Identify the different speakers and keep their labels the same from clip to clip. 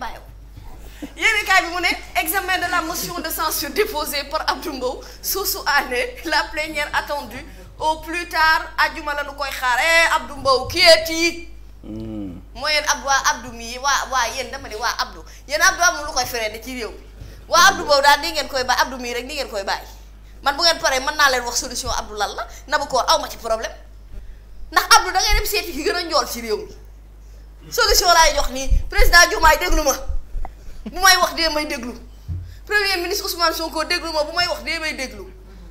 Speaker 1: bàyyi ko yéenekaay bi mu ne examen de la motion de censure déposée par Abdou Mbow su année la plénière attendue au plus tard ajuma la koy xaar eh Abdou Mbow ki est-il hmm. mooy yéen Abdou waa Abdou mii waa waa yéen dama ne waa Abdou yéen Abdou amul lu koy freiné ci réew mi waa Abdou Mbow daal di ngeen koy bàyyi Abdou mii rek ni ngeen koy bàyyi man bu ngeen paree mën naa leen wax solution Abdou lan la Nabakoor aw ma ci problème ndax Abdou da ngay dem seeti a njool ci réew solution laay jox nii président Diomaye déglu ma bu may wax dee may déglu premier ministre Ousmane Sonko déglu ma bu may wax dee may déglu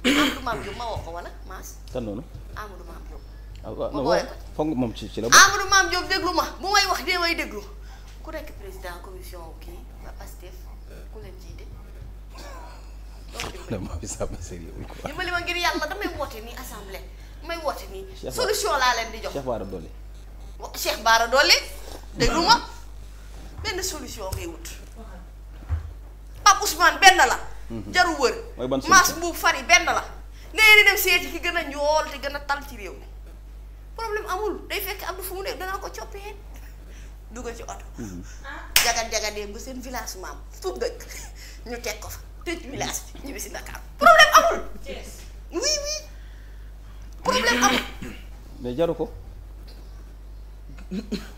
Speaker 1: Amadou Mame Diop ma woo ko wala maas. kan noonu Amadou Mame Diop. ah waaw foog moom ci ci la. Amadou Mame Diop déglu ma bu may wax dee may déglu ku nekk président commission kii waa Pastef ku leen jiite. non maa ngi sàmm si yow quoi. dimbali ma ngir yàlla damay woote nii assemblée damay woote nii. solution laa leen di jox Cheikh Bara Dolly. Cheikh Bara Dolly. déglu ma benn solution ngay wut Pape Ousmane benn la. Mhm. jaru wër. mooy ban maas benn la. nee di dem seeti ki gën a ñool te gën a tal ci réew mi problème amul day fekk Abdou fu mu nekk danaa ko coppee dugal ci oto. jagat jagat bu seen village maam fu dëkk ñu teg ko fa tëj village ñibbi si Dakar problème amul. oui oui problème amul. mais jaru ko.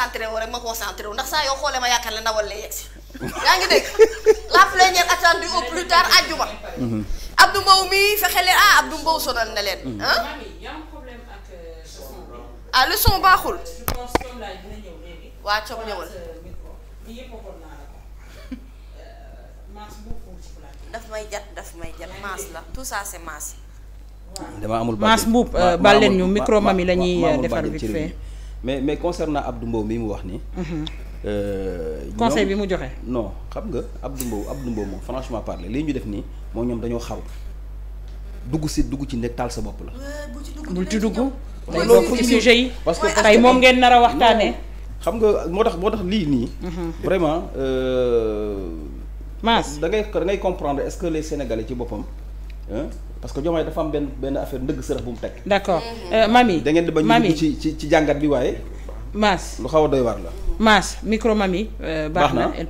Speaker 1: concentré woo rek ma concentré wu ndax saa yoo xoolee ma yaakaar ne ndawal yegsi yaa ngi dégg la plénière attendue au plus tard àjjuma. Abdou Mbow mii fexe leen ah Abdou Mbow sonal na leen. Euh, ah le son baaxul. waa Thiam ñëwal. Euh, daf may jat daf may jat maas la tout ça c'est maas. dama amul maas mbuub euh, bal ñu micro mami la ñuy defar vite fait. mais mais concernant ab Mbow mi mu wax nii. Mhm. Euh, conseil bi mu joxe. non xam nga Abdou Mbow Abdou Mbow moom franchement parler li ñu def nii moo ñoom dañoo xaru dugg si dugg ci nekk taal sa bopp la. bul ci dugg. tey bokk ci sujet yi parce que moom ngeen nar a waxtaanee. xam nga moo tax moo tax lii nii. Mhm. vraiment. Euh, maas da ngay da ngay comprendre est-ce que les sénégalais ci boppam. parce que Diomaye dafa am benn benn affaire ndëgg sërëx bu mu teg. d'accord euh, mami. da ngeen di ba ñu ci ci ci jàngat bi waaye. Mass lu xaw a doy waar la. Mass micro mami. Euh, baax na elle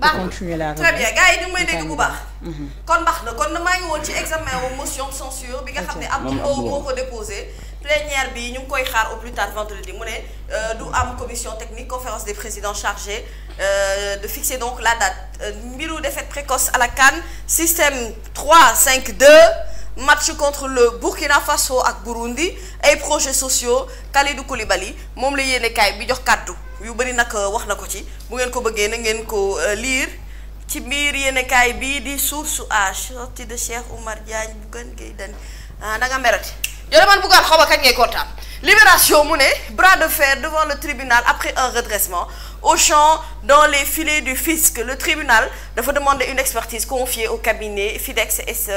Speaker 1: la. très bien gars yi ñu ngi may dégg bu baax. Mhm. kon baax na kon maa ngi woon ci examen wu motion de censure bi nga xam ne Abdou Mbow moo ko déposé. plénière bi ñu ngi koy xaar au plus tard vendredi mu ne euh, du am commission technique conférence de présidents chargée euh, de fixer donc la date mbiru défaite précoce à la CAN système 3 5 match contre le Burkina Faso ak Burundi ay projets sociaux Kalidou Koulibaly moom la yéenekaay bi jox kàddu yu bëri nag euh, wax na ko ci bu ngeen ko bëggee na ngeen ko euh, liir ci biir yéenekaay bii di source a sortie de Cheikh Oumar Diagne bu gën ngay dan ah da nga man buggaan xaw ma kañ ngay kontaan Libération mu ne bras de fer devant le tribunal après un redressement Auchan dans les filets du fisc le tribunal dafa demander une expertise confiée au cabinet FIDEX SDA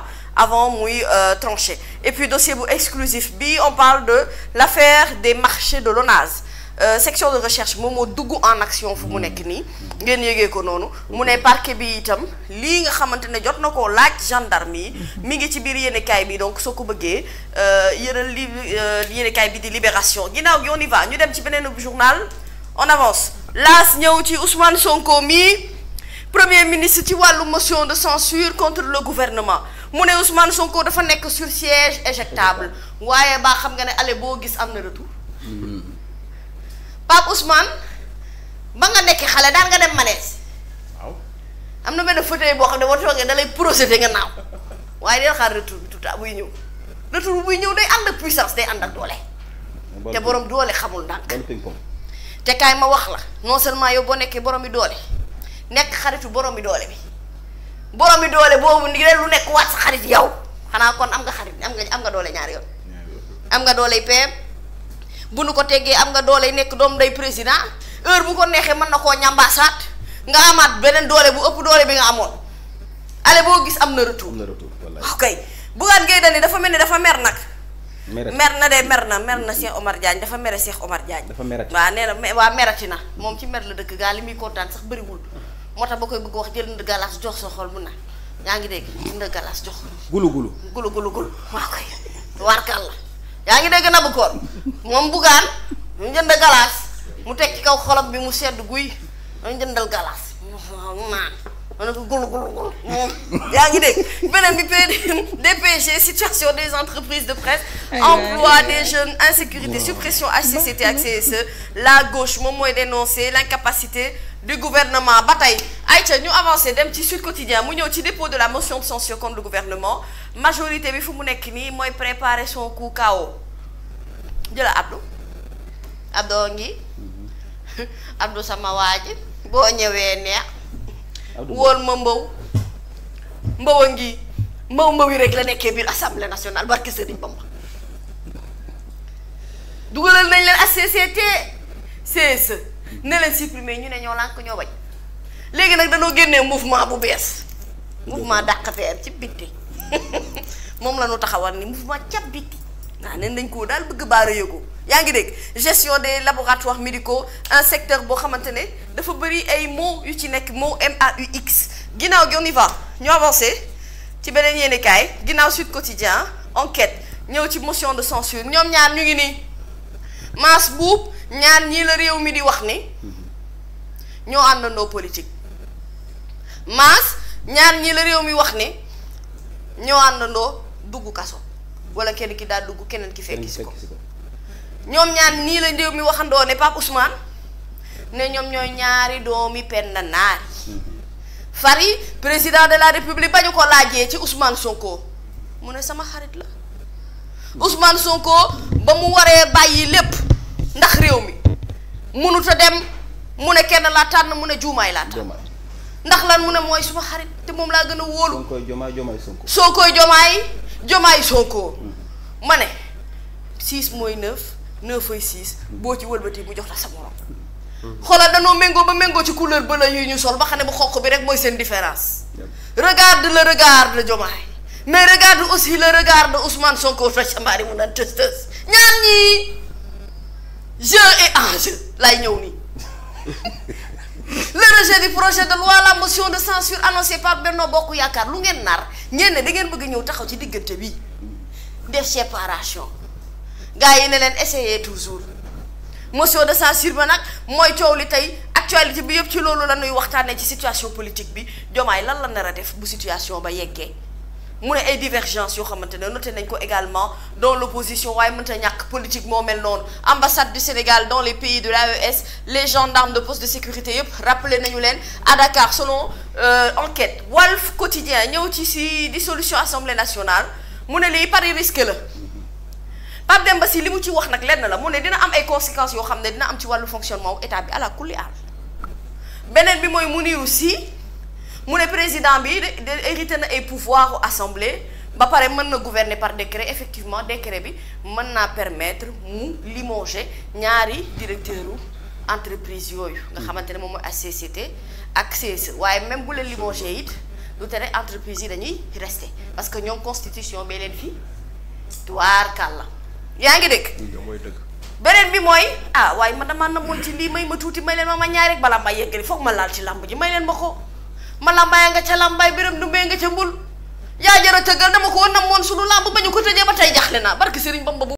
Speaker 1: euh, avant muy euh, tranché et puis dossier bu exclusif bi on parle de l'affaire des marchés de l'ONAS Euh, section de recherche moom moo dugg en action fu mu nekk nii ngeen yëgee ko noonu mu ne parquet bi itam lii nga xamante ne jot na koo laaj gendarme yi mhm. mi ngi ci biir yéenekaay bi donc soo ko bëggee euh, yëral li euh, yéenekaay bi di libération ginnaaw gi on y ñu dem ci beneen journal on avance laas ñëw ci Ousmane Sonko mi premier ministre ci wàllu motion de censure contre le gouvernement mu ne Ousmane Sonko dafa nekk sur siège éjectable waaye baa xam nga ne ale boo gis am na retour Pape Ousmane ba nga nekk xale daan nga dem malaise waaw am na benn fauteuil boo xam ne boo toogee dalay lay procéder nga naaw waaye deel xaar retour bi tout à buy ñëw retour buy ñëw day ànd ak puissance day ànd ak doole te borom doole xamul ndànk te kaay ma wax la non seulement yow boo nekkee borom bi doole nekk xaritu borom bi doole bi borom bi doole boobu ni leen lu nekk waat sa xarit yow xanaa kon am nga xarit am nga am nga doole ñaari yoon am nga doole PM bu nu ko teggee am nga doole yi nekk doom day président heure bu ko neexee mën na koo ñambaasaat nga amaat beneen doole bu ëpp doole bi nga amoon ale boo gis am na retour am na retour wallaay ok Bougane dafa mel ni dafa mer nag mer na de mer na mer na Cheikh Omar Diagne dafa mere Cheikh Omar Diagne dafa merati waaw nee na waa merati na moom ci mer la dëkk gaa li muy kontaan sax bëriwul moo tax ba koy bëgg wax jël galaas jox sa xol bu na yaa ngi dégg ndë galaas jox gulu gulu gulu gulu gulu koy warkal la yaa ngi dégg nabu koor moom bugaan ñu jënd galaas mu teg ci kaw xolam bi mu sedd guy dañu jëndal galaas mu naan ma ne ko gulu gulu gulu moom yaa ngi dégg beneen bi DPG situation des entreprises de presse emploi des jeunes insécurité suppression HCCT ak CSE la gauche moom mooy dénoncer l'incapacité du gouvernement ba tey ayca ñu avancé dem ci Sud Quotidien mu ñëw ci dépôt de la motion de censure contre le gouvernement majorité bi fu mu nekk nii mooy préparer son coup KO jëla Abdou Abdou ngi mhm. Abdou sama waa boo ñëwee neex wóol ma mbaw mbaw a ngi mbaw mbaw yi rek la nekkee biir assemblée nationale barke Sëriñ Bamba dugalal nañ leen HCCT CSE ne leen supprimer ñu ne ñoo ko ñoo bañ léegi nag dañoo génnee mouvement bu bees mouvement dàqateer ci bitti moom la ñu taxawal ni mouvement cab bitti waaw neen nañ koo daal bëgg baara yëgoo yaa ngi dégg gestion des laboratoires médicaux un secteur boo xamante ne dafa bëri ay mots yu ci nekk mot MAUX ginnaaw gi on y va ñu avancé ci beneen yéene kaay ginnaaw Sud Quotidien enquête ñëw ci motion de censure ñoom ñaar ñu ngi nii maas buub ñaar ñii la réew mi di wax ni ñoo àndandoo politique maas ñaar ñii la réew mi wax ni ñoo àndandoo dugg kaso wala kenn ki daal dugg keneen ki fekk si ko ñoom ñaar nii la réew mi waxandoo ne Pape Ousmane ne ñoom ñooy ñaari doomi Penda Naar mhm. fari président de la république ba ko laajee ci Ousmane Sonko mu ne sama xarit la mhm. Ousmane Sonko ba mu waree bàyyi lépp ndax réew mi mënut a dem mu ne kenn laa tànn mu ne juumaay laa tànn ndax lan mu ne mooy suma xarit te moom laa gën a wóolu. soo koy jomaay jomaay sonko. soo koy jomaay jomaay sonko. Mm. ma ne 6 mooy 9 9 ay 6 boo ci walbati mu jox la sa morom. Mm. xoolal danoo méngoo ba méngoo ci couleur ba la yu ñu sol ba xam ne bu bi rek mooy seen différence. regarde le regard de jomaay mais regarde aussi le regard de Ousmane Sonko fecc mbaari mu naan tës tës ñaar ñii. jeu et enjeu lay ñëw nii le rejet du projet de loi la motion de censure annoncée par Benno Bokk Yaakaar lu ngeen nar ngeen ne da bëgg ñëw taxaw ci diggante bi def séparation gars yi ne leen essayer toujours motion de censure ba nag mooy coow li tey actualité bi yëpp ci loolu la ñuy waxtaanee ci situation politique bi Diomaye lan la nar a def bu situation ba yeggee mu ne ay divergence yoo xamante ne noté nañ ko également dans l'opposition waaye mënta politique moo mel noonu ambassade du Sénégal dans les pays de l'AES les gendarmes de poste de sécurité yëpp rappelé nañu leen à Dakar selon euh, enquête Walf Quotidien ñëw ci si dissolution assemblée nationale mu ne lii pari risqué la Pape Demba Sy li mu ci wax nag lenn la mu ne dina am ay conséquence yoo xam ne dina am ci wàllu fonctionnement état bi ala kulli aal beneen bi mooy mu Mounirou Sy mu ne président bi hérité na ay pouvoir assemblée. ba pare mën na gouverner par décret effectivement décret bi mën naa permettre mu limoger ñaari directeur entreprise yooyu nga xamante ne moom mooy HCCT ak CSE waaye même bu leen limoger it lu tere entreprise yi dañuy rester parce que ñoom constitution bee leen fi tuwaar kàlla yaa ngi dégg beneen bi mooy ah waaye man damaa na mooy ci lii may ma tuuti may leen ma ma ñaari rek balaa ma yeggali foog ma laal ci làmb ji may leen ma ko ma làmbaaya nga ca làmbaay biram dumbee nga ca mbul yaa jara tëggal dama ko war na moon ba ñu ko tëjee ba tey jaxle naa barki sëriñ Bamba bu